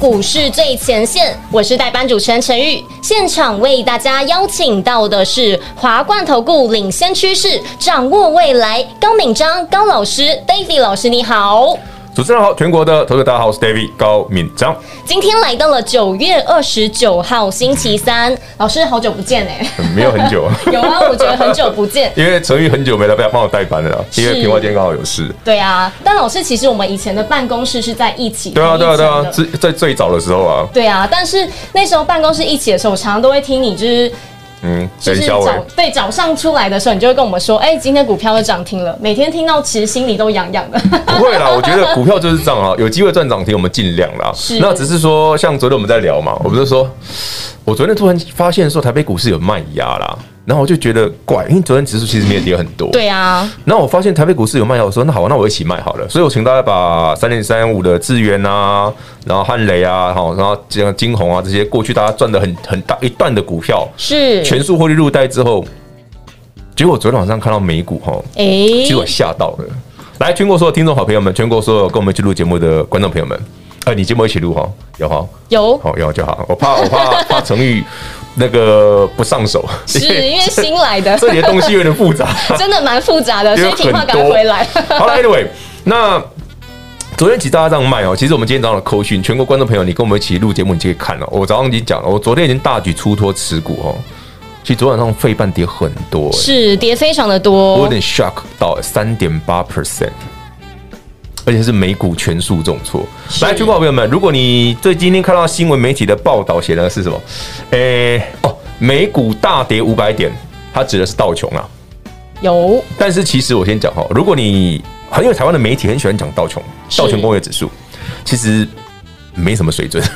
股市最前線，我是代班主持人陳玉，現場為大家邀請到的是華冠投顧領先趨勢，掌握未來，高敏章高老師 David 老師，你好。主持人好，全國的讀者大家好，我是 David 高敏章。今天來到了九月二十九號星期三， 老師好久不見哎、嗯，沒有很久啊， 有啊，我覺得很久不見， 因為成宇很久沒來幫我代班了，是因為平花間剛好有事。對啊，但老師其實我們以前的辦公室是在一起，對啊對啊對啊，是在最早的時候啊，對啊，但是那時候辦公室一起的時候，我常常都會聽你就是。嗯，減銷位。對，早上出來的時候，你就會跟我們說，哎、欸，今天股票又漲停了。每天聽到，其實心裡都癢癢的。不會啦，我覺得股票就是這樣啊，有機會賺漲停，我們盡量啦。是。那只是說，像昨天我們在聊嘛，我不是說，我昨天突然發現說，台北股市有賣壓啦。然後我就覺得怪，因為昨天指數其實沒有跌很多。對啊。然後我發現台北股市有賣藥，我說那好，那我一起賣好了。所以我請大家把三零三五的智原吶、啊，然後漢雷啊，然後像金鴻啊這些過去大家賺的很很大一段的股票，是全數獲利入袋之後，結果我昨天晚上看到美股哈，哎，結果嚇到了。欸、來全國所有聽眾好朋友們，全國所有跟我們去錄節目的觀眾朋友們，哎、欸，你節目一起錄哈，有哈？有，好有就好。我怕我怕我怕，怕成語。 那個不上手，是因為新來的，這裡 的東西有點複雜， 真的蠻複雜的，所以聽話趕快回來了。好，anyway，了那昨天其實大家這樣賣哦，其實我們今天早上有扣訊全國觀眾朋友，你跟我們一起錄節目，你就可以看了。我早上已經講了，我昨天已經大舉出脫持股哦，其實昨晚上費半跌很多，是跌非常的多，我有點 shock 到三點八 percent。而且是美股全數重挫。來，主播是朋友們，如果你最今天看到新聞媒體的報道寫的是什麼？誒、欸，哦，美股大跌五百點，它指的是道瓊啊。有。但是其實我先講哈，如果你很有台灣的媒體很喜歡講道瓊，道瓊工業指數，是其實沒什麼水準。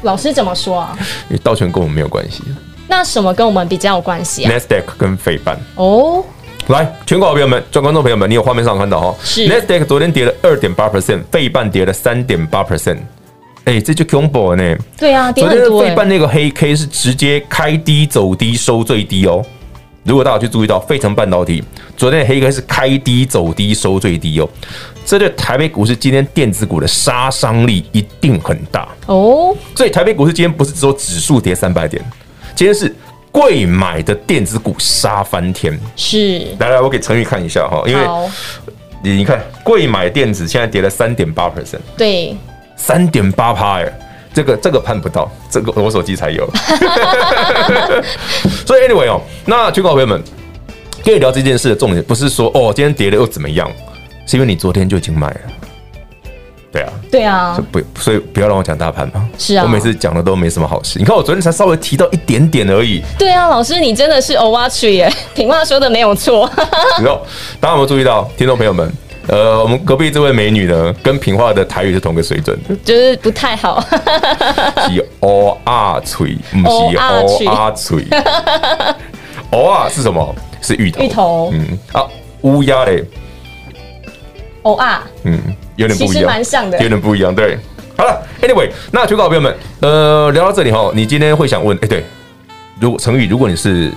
老師怎麼說啊？道瓊跟我們沒有關係。那什麼跟我們比較有關係啊？納斯達克跟費半。哦、oh。來，全國朋友們，全國觀眾朋友們，你有畫面上看到哈、哦？是 Nasdaq 昨天跌了二點八 percent，費半跌了三點八 percent，哎，這就恐怖呢、欸。對啊，跌欸、昨天費半那個黑 K 是直接開低走低收最低哦。如果大家去注意到，費城半導體昨天的黑 K 是開低走低收最低哦，這對台北股市今天電子股的殺傷力一定很大哦。所以台北股市今天不是只有指數跌三百點，今天是。貴買的電子股殺翻天，是來來，我給陳宇看一下哈，因為你你看貴好買電子現在跌了三點八 percent，對，三點八趴哎，這個這個判不到，這個我手機才有， 所以 anyway 哦，那群廣朋友們跟你聊這件事的重點不是說哦今天跌了又怎麼樣，是因為你昨天就已經買了。對啊，對啊，所，所以不要讓我講大盤嘛。是啊，我每次講的都沒什麼好事。你看我昨天才稍微提到一點點而已。對啊，老師你真的是偶爾吹耶，平話說的沒有錯。然 後大家有沒有注意到，聽眾朋友們，呃，我們隔壁這位美女呢，跟平話的台語是同個水準的，就是不太好。偶爾吹，偶爾吹，偶爾是什麼？是芋頭，芋頭。嗯，啊，烏鴉嘞。偶爾仔嗯。有點不一樣，有點不一樣，對。 好了，anyway，那求稿朋友們，呃，聊到這裡哈，你今天會想問，哎、欸，對，如成語，如果你是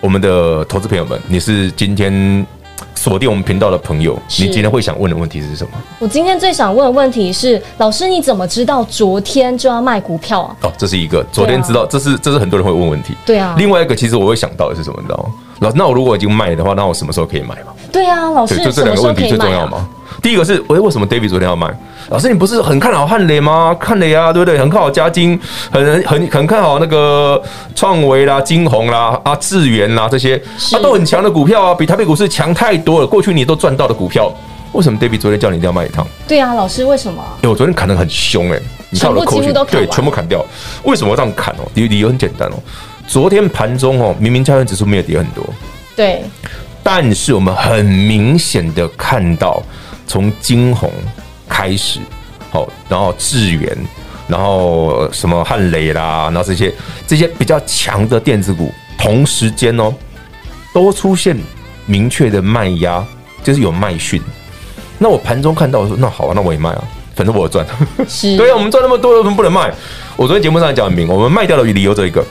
我們的投資朋友們，你是今天鎖定我們頻道的朋友，是你今天會想問的問題是什麼？我今天最想問的問題是，老師你怎麼知道昨天就要賣股票啊？哦，這是一個，昨天知道，啊、這是這是很多人會問問題，對啊。另外一個，其實我會想到的是什麼？你知道嗎？老師，那我如果已經賣了的話，那我什麼時候可以買嗎？對啊，老師，就這兩個問題最重要嗎？第一個是，喂、欸，為什麼 David 昨天要賣？老師，你不是很看好漢磊嗎？看雷呀、啊，對不對？很看好嘉晶，很很很看好那個創維啦、金鴻啦、阿、啊、智原啦這些，那是、啊、都很強的股票啊，比台北股市強太多了。過去你都賺到的股票，為什麼 David 昨天叫你一定要賣一趟？對啊，老師，為什麼？欸、我昨天砍得很凶哎、欸，你看我的 aching, 全部幾乎都對，全部砍掉。為什麼我這樣砍哦？理理由很簡單哦，昨天盤中哦，明明加權指數沒有跌很多，對，但是我們很明顯的看到。從驚鴻開始，好，然後智原，然後什麼漢磊啦，然後這些這些比較強的電子股，同時間哦，都出現明確的賣壓，就是有賣訊。那我盤中看到，說那好啊，那我也賣啊，反正我賺。 是，對啊，我們賺那麼多，為什麼不能賣？我昨天節目上講明，我們賣掉的理由只有一個，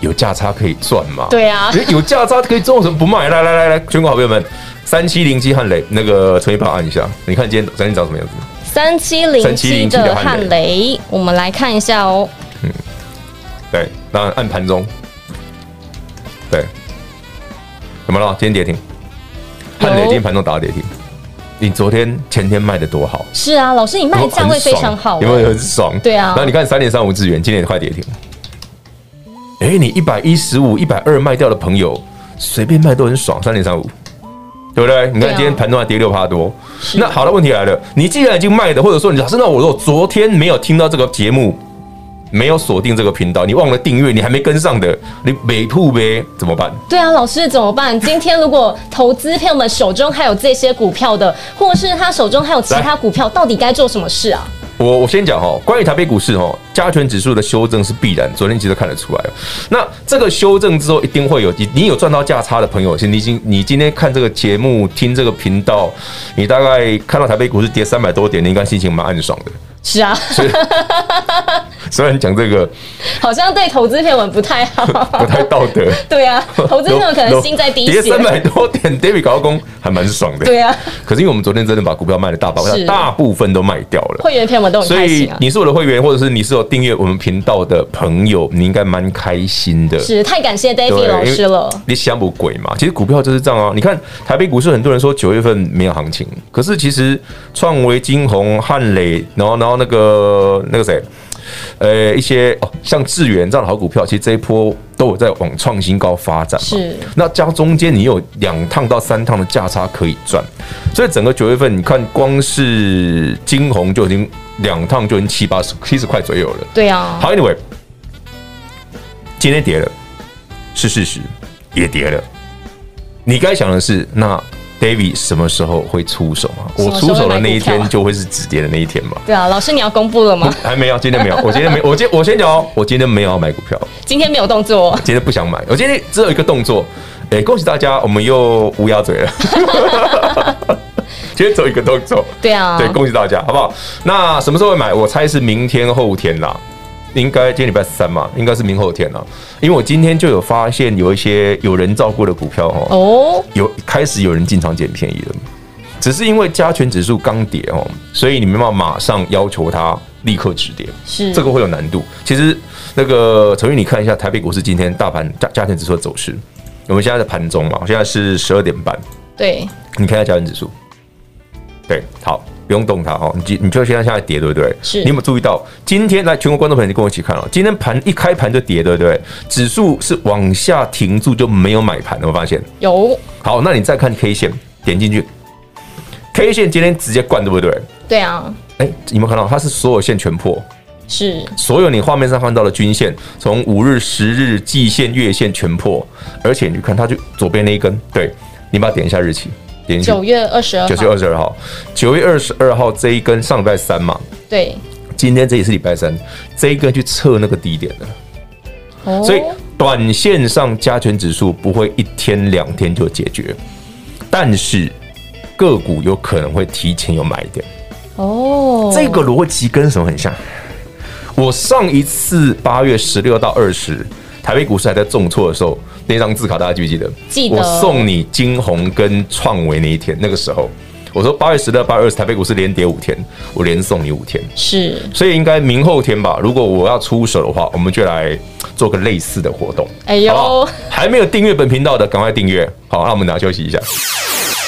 有價差可以賺嘛。對啊， 有價差可以賺，為什麼不賣？來來來來，全國好朋友們。三七零七漢磊那個吹炮按一下，你看今天三七長什麼樣子？三七零七的漢磊，我們來看一下哦。嗯，對，然後按盤中，對，怎麼了？今天跌停，漢磊今天盤中打跌停。有你昨天前天賣的多好？是啊，老師，你賣的價位非常好，因為很爽。有沒有很爽，對啊，那你看三點三五智原，今天也快跌停。哎、欸，你一百一十五、一百二賣掉的朋友，隨便賣都很爽，三點三五。對不對？你看，啊，今天盤中還跌六趴多。的那好的問題來了，你既然已經賣的，或者說你，你老師，那我如果昨天沒有聽到這個節目，沒有鎖定這個頻道，你忘了訂閱，你還沒跟上的，你沒鋪唄，怎麼辦？對啊，老師怎麼辦？今天如果投資朋友們手中還有這些股票的， 或者是他手中還有其他股票，來到底該做什麼事啊？我我先講哦，關於台北股市哦，加權指數的修正是必然，昨天其實看得出來。那這個修正之後，一定會有你，你有賺到價差的朋友，先你今你今天看這個節目，聽這個頻道，你大概看到台北股市跌三百多點，你應該心情蠻暗爽的。是啊。所以 雖然講這個，好像對投資篇文不太好， 不太道德。 對啊，投資篇文可能心在滴血， 跌三百多點，David 高工還蠻爽的。 對啊，可是因為我們昨天真的把股票賣了大把，是大部分都賣掉了。會員篇文都很開心、啊、所以你是我的會員，或者是你是有訂閱我們頻道的朋友，你應該蠻開心的。是太感謝 David 對老師了。你想不貴嘛？其實股票就是這樣哦、啊。你看台北股市，很多人說九月份沒有行情，可是其實創維、金鴻、漢磊，然後然後那個那個誰？呃，一些哦，像智源這樣的好股票，其實這一波都有在往創新高發展。是，那加中間你有兩趟到三趟的價差可以賺，所以整個九月份，你看光是金紅就已經兩趟，就已經七八十、七十塊左右了。對啊，好，anyway，今天跌了是事實，也跌了，你該想的是那。David 什麼時候會出手啊？我出手的那一天就會是止跌的那一天嘛。對啊，老師你要公布了嗎？還沒有，今天沒有，我今天沒，我今我先講，哦，我今天沒有買股票，今天沒有動作，我今天不想買，我今天只有一個動作，欸，恭喜大家，我們又烏鴉嘴了， 今天做一個動作，對啊，對，恭喜大家，好不好？那什麼時候買？我猜是明天後天啦。應該今天禮拜三嘛，應該是明後天了啊。因為我今天就有發現有一些有人照顧的股票哦，oh. 有開始有人進場撿便宜了，只是因為加權指數剛跌哦，所以你沒辦法馬上要求它立刻止跌，是這個會有難度。其實那個陳玉，你看一下台北股市今天大盤加加權指數的走勢，我們現在在盤中嘛，現在是十二點半，對，你看一下加權指數，對，好。不用動它哦，你你就會現在下跌，對不對？是。你有沒有注意到今天來全國觀眾朋友你跟我一起看了喔，今天盤一開盤就跌，對不對？指數是往下停住就沒有買盤，有沒有發現？有。好，那你再看 K 線，點進去，K 線今天直接灌，對不對？對啊。哎，你們看到它是所有線全破，是。所有你畫面上看到的均線，從五日、十日、季線、月線全破，而且你看它就左邊那一根，對，你把它點一下日期。九月二十二，九月二十二號，九月二十二號，這一根上禮拜三嘛，對，今天這也是禮拜三，這一根去測那個低點的，所以短線上加權指數不會一天兩天就解決，但是個股有可能會提前有買點哦。這個邏輯跟什麼很像？我上一次八月十六到二十，台北股市還在重挫的時候，那張字卡大家記不記得？記得。我送你金虹跟創維那一天，那個時候我說八月十六、八月二十，台北股市連跌五天，我連送你五天。是，所以應該明後天吧？如果我要出手的話，我們就來做個類似的活動。哎呦，還沒有訂閱本頻道的，趕快訂閱。好，那我們來休息一下。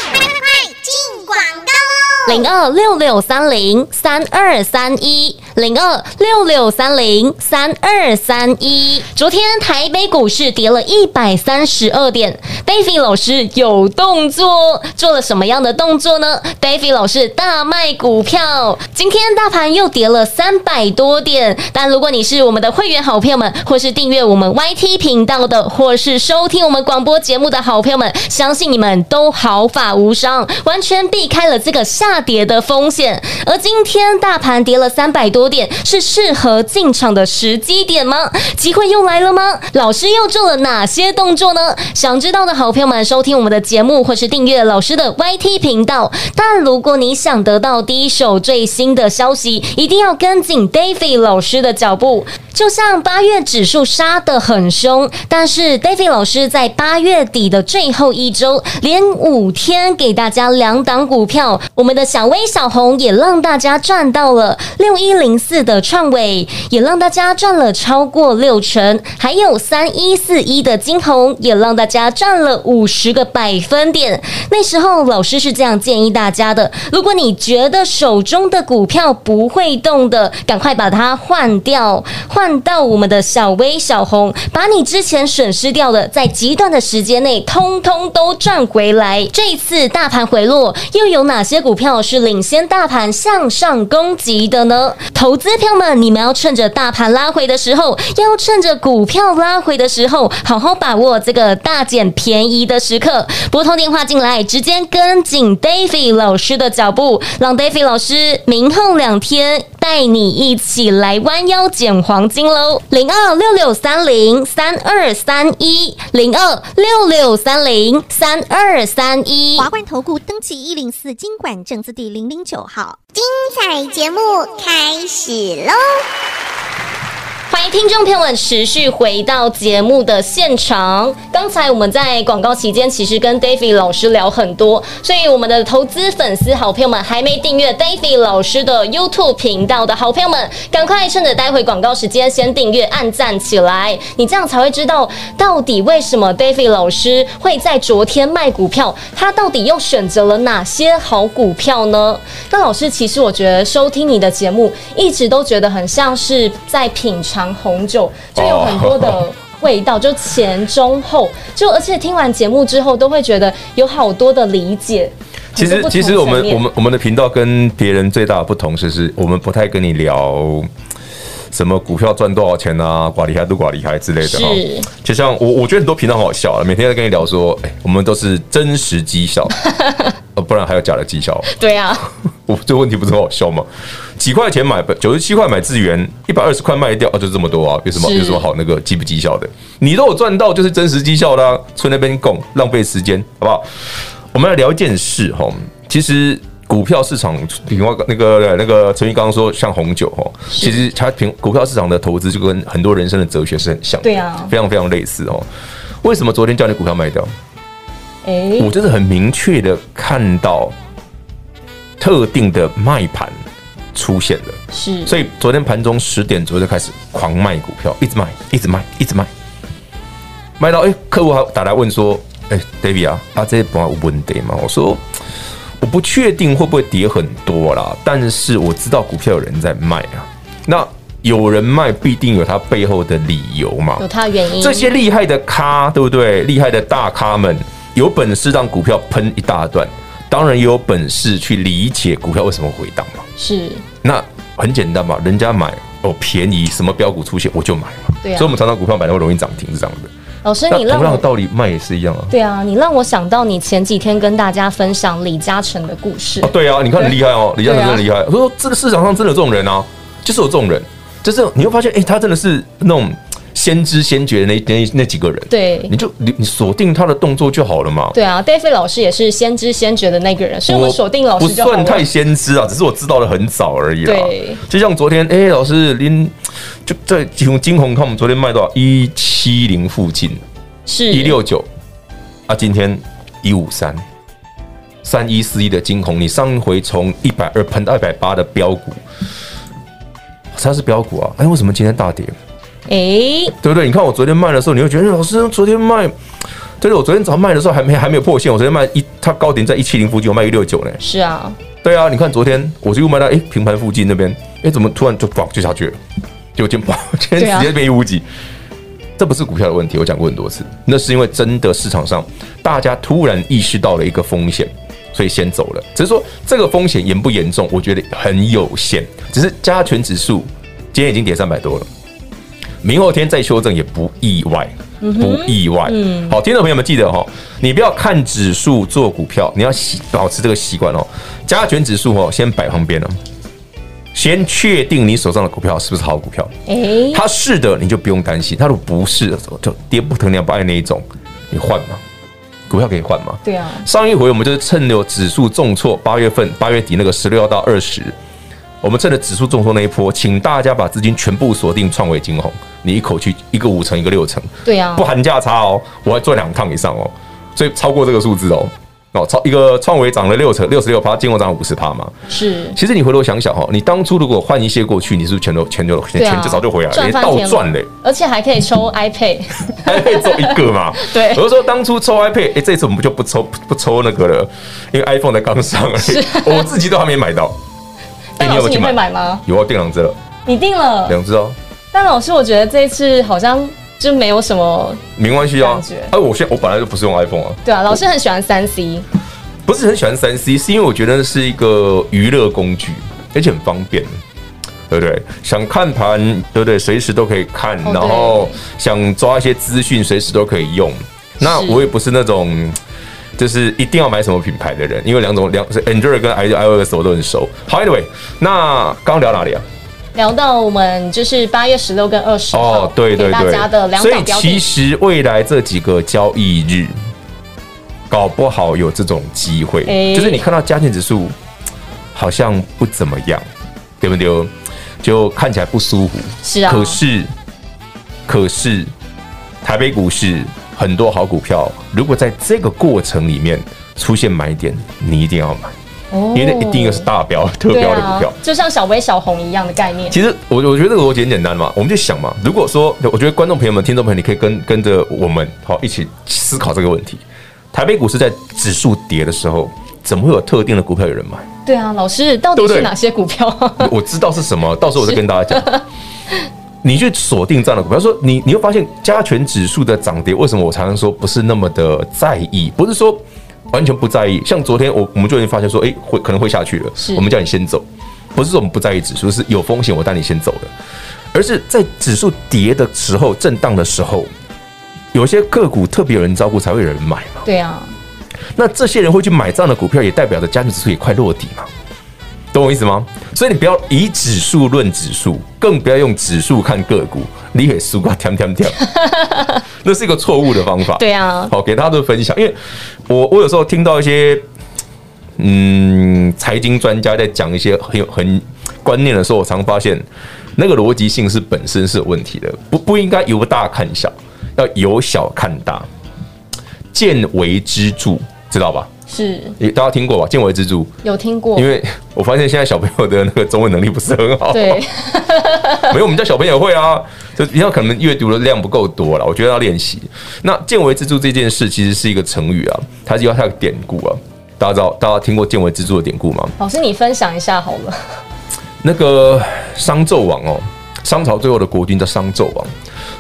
零二六六三零三二三一零二六六三零三二三一，昨天台北股市跌了一百三十二點。David 老師有動作，做了什麼樣的動作呢？David 老師大賣股票，今天大盤又跌了三百多點。但如果你是我們的會員好朋友們，或是訂閱我們 YT 頻道的，或是收聽我們廣播節目的好朋友們，相信你們都毫髮無傷，完全避開了這個下。大跌的風險，而今天大盤跌了三百多點，是適合進場的時機點嗎？機會又來了嗎？老師又做了哪些動作呢？想知道的好朋友們，收聽我們的節目或是訂閱老師的 YT 頻道。但如果你想得到第一手最新的消息，一定要跟緊 David 老師的腳步。就像八月指數殺得很兇，但是 David 老師在八月底的最後一週，連五天給大家兩檔股票，我們的。小微小紅也讓大家賺到了六一零四的創惟，也讓大家賺了超過六成，還有三一四一的晶宏也讓大家賺了五十個百分點。那時候老師是這樣建議大家的：如果你覺得手中的股票不會動的，趕快把它換掉，換到我們的小微小紅，把你之前損失掉的，在極短的時間內通通都賺回來。這次大盤回落又有哪些股票，是領先大盤向上攻擊的呢？投資朋友們，你們要趁着大盤拉回的時候，要趁着股票拉回的時候，好好把握這個大撿便宜的時刻。撥通電話進來，直接跟緊 David 老師的腳步，讓 David 老師明後兩天。帶你一起來彎腰撿黃金嘍！零二六六三零三二三一零二六六三零三二三一，華冠投顧登記一零四金管證字第零零九號，精彩節目開始嘍！歡迎聽眾朋友們持續回到節目的現場。剛才我們在廣告期間，其實跟 David 老師聊很多，所以我們的投資粉絲好朋友們還沒訂閱 David 老師的 YouTube 頻道的好朋友們，趕快趁着待會廣告時間先訂閱、按贊起來，你這樣才會知道到底為什麼 David 老師會在昨天賣股票，他到底又選擇了哪些好股票呢？那老師，其實我覺得收聽你的節目，一直都覺得很像是在品嘗。紅酒就有很多的味道，就前中後，就而且聽完節目之後都會覺得有好多的理解。其實，其實我們我們我們的頻道跟別人最大的不同是，是我們不太跟你聊。什麼股票賺多少錢啊？寡厲害都寡厲害之類的哈，就是像我，我覺得很多頻道好,好笑啊。每天在跟你聊說，誒、欸，我們都是真實績效， 不然還有假的績效？ 對啊，我這個問題不是很好笑嗎？幾塊錢買九十七塊買資源，一百二十塊賣掉，哦、啊，就這麼多啊？有什麼是有什麼好那個績不績效的？你都有賺到，就是真實績效啦、啊，去那邊拱浪費時間，好不好？我們來聊一件事哈，其實。股票市場，比方那個那個陳毅剛剛說像紅酒哦。其實它股票市場的投資就跟很多人生的哲學是很像的，對啊，非常非常類似哦。為什麼昨天叫你股票賣掉？欸、我真的很明確的看到特定的賣盤出現了，是，所以昨天盤中十點左右就開始狂賣股票，一直賣，一直賣，一直賣，賣到哎、欸，客戶還打來問說，哎、欸，David 啊，阿這盤有問題嗎？我說。我不確定會不會跌很多啦，但是我知道股票有人在賣啊。那有人賣，必定有他背後的理由嘛。有他原因。這些厲害的咖，對不對？厲害的大咖們，有本事讓股票噴一大段，當然也有本事去理解股票為什麼回檔嘛。是。那很簡單嘛，人家買哦便宜，什麼標股出現我就買嘛。對啊。所以我們常常股票買的會容易漲停是這樣的。老師，你讓的道理賣也是一樣啊。對啊，你讓我想到你前幾天跟大家分享李嘉誠的故事。啊、對啊，你看很厲害哦，對，李嘉誠真的厲害。我說這個市場上真的有這種人啊，就是有這種人，就是你會發現，哎，他真的是那種。先知先覺的那那那幾個人，對，你就你你鎖定他的動作就好了嘛。對啊，David 老師也是先知先覺的那個人，所以我鎖定老師不算太先知啊，只是我知道的很早而已啦、啊。對，就像昨天，哎、欸，老師，您就在晶宏晶宏，看我們昨天賣到一七零附近，是一六九啊，今天一五三三一四一的晶宏，你上一回從一百二噴到一百八的飆股，它是飆股啊，哎、欸，為什麼今天大跌？誒，欸、對不對？你看我昨天賣的時候，你會覺得、欸、老師昨天賣，對對，我昨天早上賣的時候還沒還沒有破線，我昨天賣一，它高點在一七零附近，我賣一六九呢。是啊，對啊，你看昨天我就又賣到誒，平盤附近那邊，誒，怎麼突然就嘣就下去了？就今天今天直接變一五幾，啊、這不是股票的問題，我講過很多次，那是因為真的市場上大家突然意識到了一個風險，所以先走了。只是說這個風險嚴不嚴重，我覺得很有限，只是加權指數今天已經跌三百多了。明後天再修正也不意外，不意外。好，聽眾朋友們，記得哈，你不要看指數做股票，你要習保持這個習慣哦。加權指數哦，先擺旁邊了，先確定你手上的股票是不是好股票。欸，它是的，你就不用擔心；它如果不是的時候，就跌不疼你不愛那一種，你換嘛，股票可以換嘛，對啊。上一回我們就是趁着指數重挫，八月份八月底那個十六到二十。我們趁着指數重挫那一波，請大家把資金全部鎖定創維、金宏。你一口氣一個五成、成，一個六成。對呀，不含價差哦，我要賺兩趟以上哦，所以超過這個數字哦，哦，超一個創維漲了六成，六十六趴，金宏漲五十趴嘛。是，其實你回頭想想哈、哦，你當初如果換一些過去，你是不是全都全就全、啊、全就早就回來了，了你倒賺嘞、欸。而且還可以抽 iPad，iPad 抽 一個嘛。對，我就說當初抽 iPad，哎、欸，這次我們就不抽不、不抽那個了，因為 iPhone 才剛上、欸，啊、我自己都還沒買到。你老師，你會買嗎？有啊，訂兩隻了。你訂了兩隻哦。但老師，我覺得這一次好像就沒有什麼名望需要啊。啊我現在我本來就不是用 iPhone 啊。對啊，老師很喜歡三 C，不是很喜歡三 C，是因為我覺得是一個娛樂工具，而且很方便，對不對？想看盤，對不對？隨時都可以看。然後想抓一些資訊，隨時都可以用。那我也不是那種。就是一定要買什麼品牌的人，因為兩種兩 Android 跟 iOS 我都很熟。好，Anyway，那剛聊哪裡啊？聊到我們就是八月十六跟二十號，哦，對對對。所以其實未來這幾個交易日，搞不好有這種機會。欸、就是你看到加權指數好像不怎麼樣，對不對？就看起來不舒服，是啊。可是，可是台北股市。很多好股票，如果在這個過程裡面出現買點，你一定要買，哦、因為那一定又是大標、啊、特標的股票，就像小微、小紅一樣的概念。其實我我覺得這個邏輯很簡單嘛，我們就想嘛，如果說我覺得觀眾朋友們、聽眾朋友，你可以跟跟着我們好一起思考這個問題，台北股市在指數跌的時候，怎麼會有特定的股票有人買？對啊，老師到底是哪些股票？對不對？我知道是什麼， 到時候我再跟大家講。 你去鎖定這樣的股票，就是、說你，你會發現加權指數的漲跌，為什麼我常常說不是那麼的在意？不是說完全不在意。像昨天我我們就已經發現說，哎、欸，會可能會下去了，是我們叫你先走，不是說我們不在意指數，就是有風險，我帶你先走了。而是在指數跌的時候、震盪的時候，有些個股特別有人招呼才會有人買嘛。對啊，那這些人會去買這樣的股票，也代表着加權指數也快落底嘛。懂我意思嗎？所以你不要以指數論指數，更不要用指數看個股，你以為瓜，掛天跳，那是一個錯誤的方法。 對啊，好，給大家都分享。因為我我有時候聽到一些嗯財經專家在講一些很有很觀念的時候，我常發現那個邏輯性是本身是有問題的，不不應該由大看小，要由小看大，見微知著，知道吧？是，大家聽過吧？見微知著，有聽過？因為我發現現在小朋友的那個中文能力不是很好，對，沒有我們家小朋友會啊，就比較可能閱讀的量不夠多了。我覺得要練習。那見微知著這件事其實是一個成語啊，它有它的典故啊。大家知道，大家聽過見微知著的典故嗎？老師，你分享一下好了。那個商紂王哦，商朝最後的國君叫商紂王，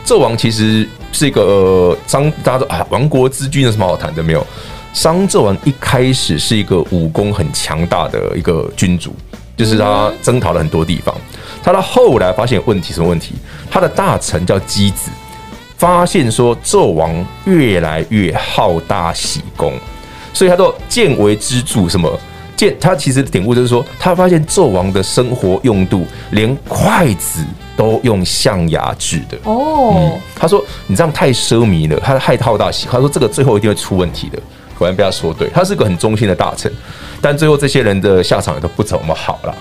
紂王其實是一個、呃、商，大家都啊亡國之君有什麼好談的沒有？商紂王一開始是一個武功很強大的一個君主，就是他征討了很多地方。他到後來發現問題，什麼問題？他的大臣叫箕子，發現說紂王越來越好大喜功，所以他說“見微知著，什麼？見他其實的典故就是說，他發現紂王的生活用度，連筷子都用象牙制的。哦、嗯，他說你這樣太奢靡了，他太好大喜，他說這個最後一定會出問題的。果然被他說對，他是個很忠心的大臣，但最後這些人的下場也都不怎麼好了，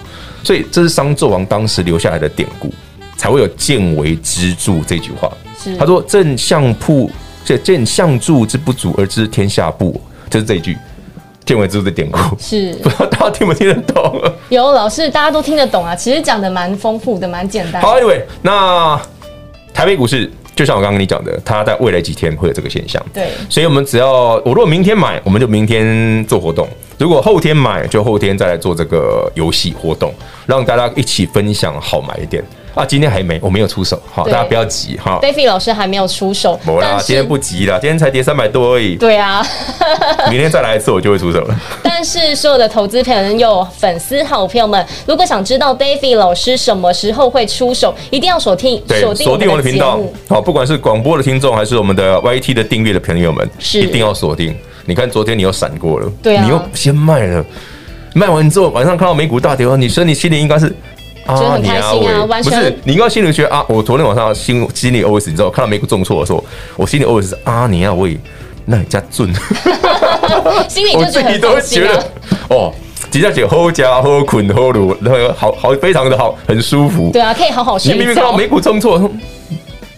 所以這是商紂王當時留下來的典故，才會有“見微知著”這句話。是他說正是：“見相鋪，這見相著之不足而知天下不我”，就是這一句“見微知著”的典故。是不知道大家聽不聽得懂、啊？有老師，大家都聽得懂啊！其實講得蠻豐富的，蠻簡單。好，各、哎、位，那台北股市。就像我剛剛跟你講的，它在未來幾天會有這個現象。對，所以我們只要我如果明天買，我們就明天做活動；如果後天買，就後天再來做這個遊戲活動，讓大家一起分享好買一點啊！今天還沒，我沒有出手，好對，大家不要急哈。David 老師還沒有出手，沒啦，是今天不急啦，今天才跌三百多而已。對啊， 明天再來一次我就會出手了。是所有的投資朋友、粉絲、好朋友們，如果想知道 David 老師什麼時候會出手，一定要鎖定鎖定我的頻道。好，不管是廣播的聽眾，還是我們的 YT 的訂閱的朋友們，是一定要鎖定。你看，昨天你又閃過了，對啊、你又先賣了，賣完之後晚上看到美股大跌，你說你心裡應該是啊，你啊，我不是，你應該心理學啊，我昨天晚上心心裡 OS，你知道，看到美股重挫的時候，我心裡 OS 啊，你要、啊、為。那家準，哈哈哈哈哈！ 心裡、啊、 我自己都覺得，哦，幾下酒，喝加喝捆喝擼，那好好，好非常的好，很舒服。對啊，可以好好睡覺。你明明看到美股說美股重挫，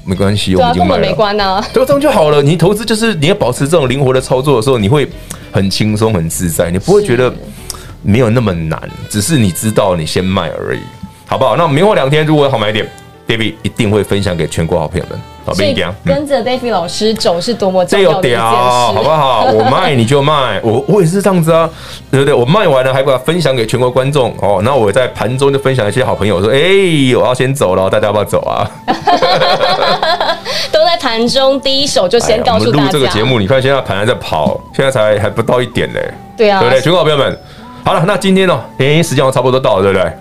沒關係、啊、我就根本沒關就、啊、這樣就好了。你投資就是你要保持這種靈活的操作的時候，你會很輕鬆很自在，你不會覺得沒有那麼難，只是你知道你先賣而已，好不好？那明後兩天如果好買一點，David 一定會分享給全國好朋友們。所以跟着 David 老師走是多麼重要的、有點、嗯、好不好？我賣你就賣， 我我也是這樣子啊，對不對？我賣完了還把它分享給全國觀眾哦。那我在盤中就分享一些好朋友說：“哎、欸，我要先走了，大家要不要走啊？” 都在盤中第一手就先、哎、呀告訴大家。我們錄這個節目，你看現在盤還在跑，現在才還不到一點嘞。 對啊，對不對？全國好朋友們，好了，那今天呢，因、欸、為時間要差不多到了，對不對？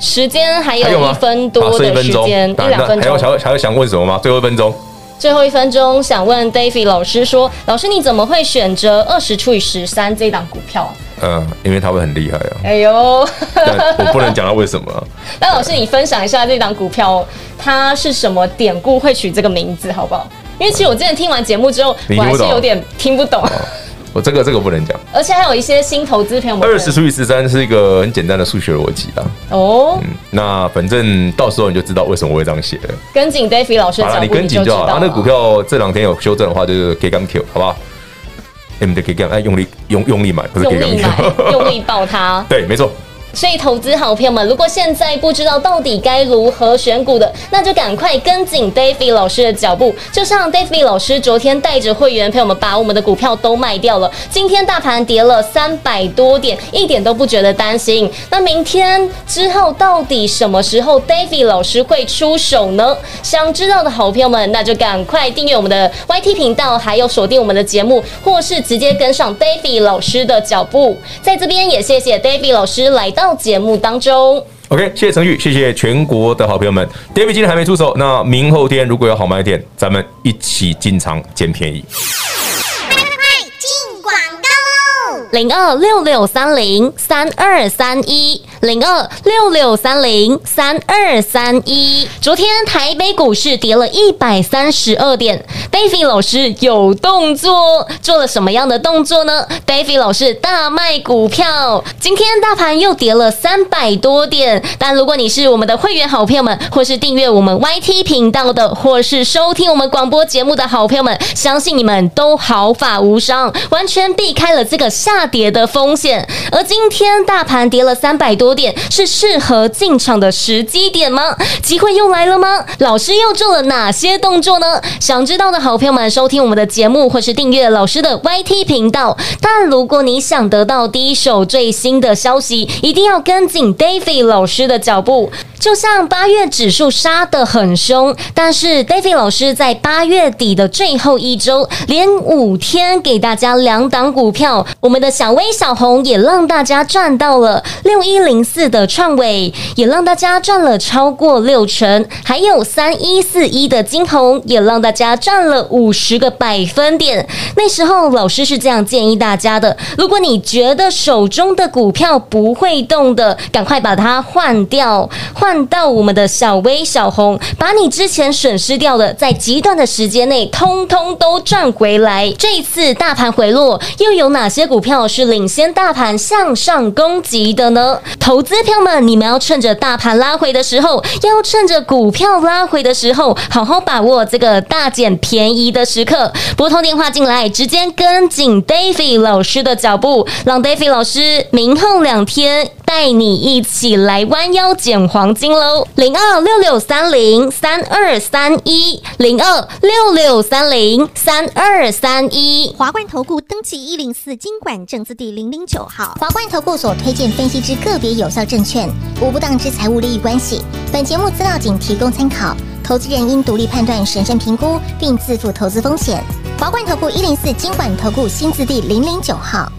時間還有一分多的時間，一兩分鐘。還有還要、啊欸、想，想，想，想問什麼嗎？最後一分鐘，最後一分鐘想問 David 老師說，老師你怎麼會選擇二十除以十三這檔股票？嗯，因為他會很厲害啊。哎呦， 我不能講他為什麼、啊。那老師你分享一下這檔股票它是什麼典故，會取這個名字好不好？因為其實我今天聽完節目之後，我還是有點聽不懂，聽不懂。我這個這個不能講，而且還有一些新投資品。二十除以十三是一個很簡單的數學邏輯啊。哦、嗯，那反正到時候你就知道為什麼我會這樣寫了。跟緊 David 老師講、啊，你跟緊就好。他、啊、那個、股票這兩天有修正的話，就是 K 槓 Q，好不好？M 的 K 槓，哎，用力用用力買，不是、K K K Q、 用力買，用力抱它。對，沒錯。所以，投資好朋友們，如果現在不知道到底該如何選股的，那就趕快跟緊 David 老師的腳步。就像 David 老師昨天帶着會員朋友們把我們的股票都賣掉了，今天大盤跌了三百多點，一點都不覺得擔心。那明天之後到底什麼時候 David 老師會出手呢？想知道的好朋友們，那就趕快訂閱我們的 YT 頻道，還有鎖定我們的節目，或是直接跟上 David 老師的腳步。在這邊也謝謝 David 老師來到到節目當中，OK，謝謝程昱，謝謝全國的好朋友們。David 今天還沒出手，那明後天如果有好買點，咱們一起進場撿便宜。快快快，進廣告嘍！零二六六三零三二三一。零二六六三零三二三一，昨天台北股市跌了一百三十二點。David 老師有動作，做了什麼樣的動作呢？David 老師大賣股票，今天大盤又跌了三百多點。但如果你是我們的會員，好朋友們，或是訂閱我們 YT 頻道的，或是收聽我們廣播節目的好朋友們，相信你們都毫髮無傷，完全避開了這個下跌的風險。而今天大盤跌了三百多點。點是適合進場的時機點嗎？機會又來了嗎？老師又做了哪些動作呢？想知道的好朋友們，收聽我們的節目或是訂閱老師的 YT 頻道。但如果你想得到第一手最新的消息，一定要跟緊 David 老師的腳步。就像八月指數殺得很凶，但是 David 老師在八月底的最後一周，連五天給大家兩檔股票，我們的小微小紅也讓大家賺到了六一零四的創偉也讓大家賺了超過六成，還有三一四一的金紅也讓大家賺了五十個百分點。那時候老師是這樣建議大家的：如果你覺得手中的股票不會動的，趕快把它換掉，換到我們的小微小紅，把你之前損失掉的，在極短的時間內通通都賺回來。這一次大盤回落，又有哪些股票是領先大盤向上攻擊的呢？投資票們，你們要趁着大盤拉回的時候，要趁着股票拉回的時候，好好把握這個大撿便宜的時刻。撥通電話進來，直接跟緊 David 老師的腳步，讓 David 老師明後兩天帶你一起來彎腰撿黃金嘍。零二六六三零三二三一，零二六六三零三二三一。華冠投顧登記一零四金管證字第零零九號。華冠投顧所推薦分析之個別。有效證券，無不當之財務利益關係。本節目資料僅提供參考，投資人應獨立判斷、審慎評估，並自負投資風險。華冠投顧一零四金管投顧新字第零零九號。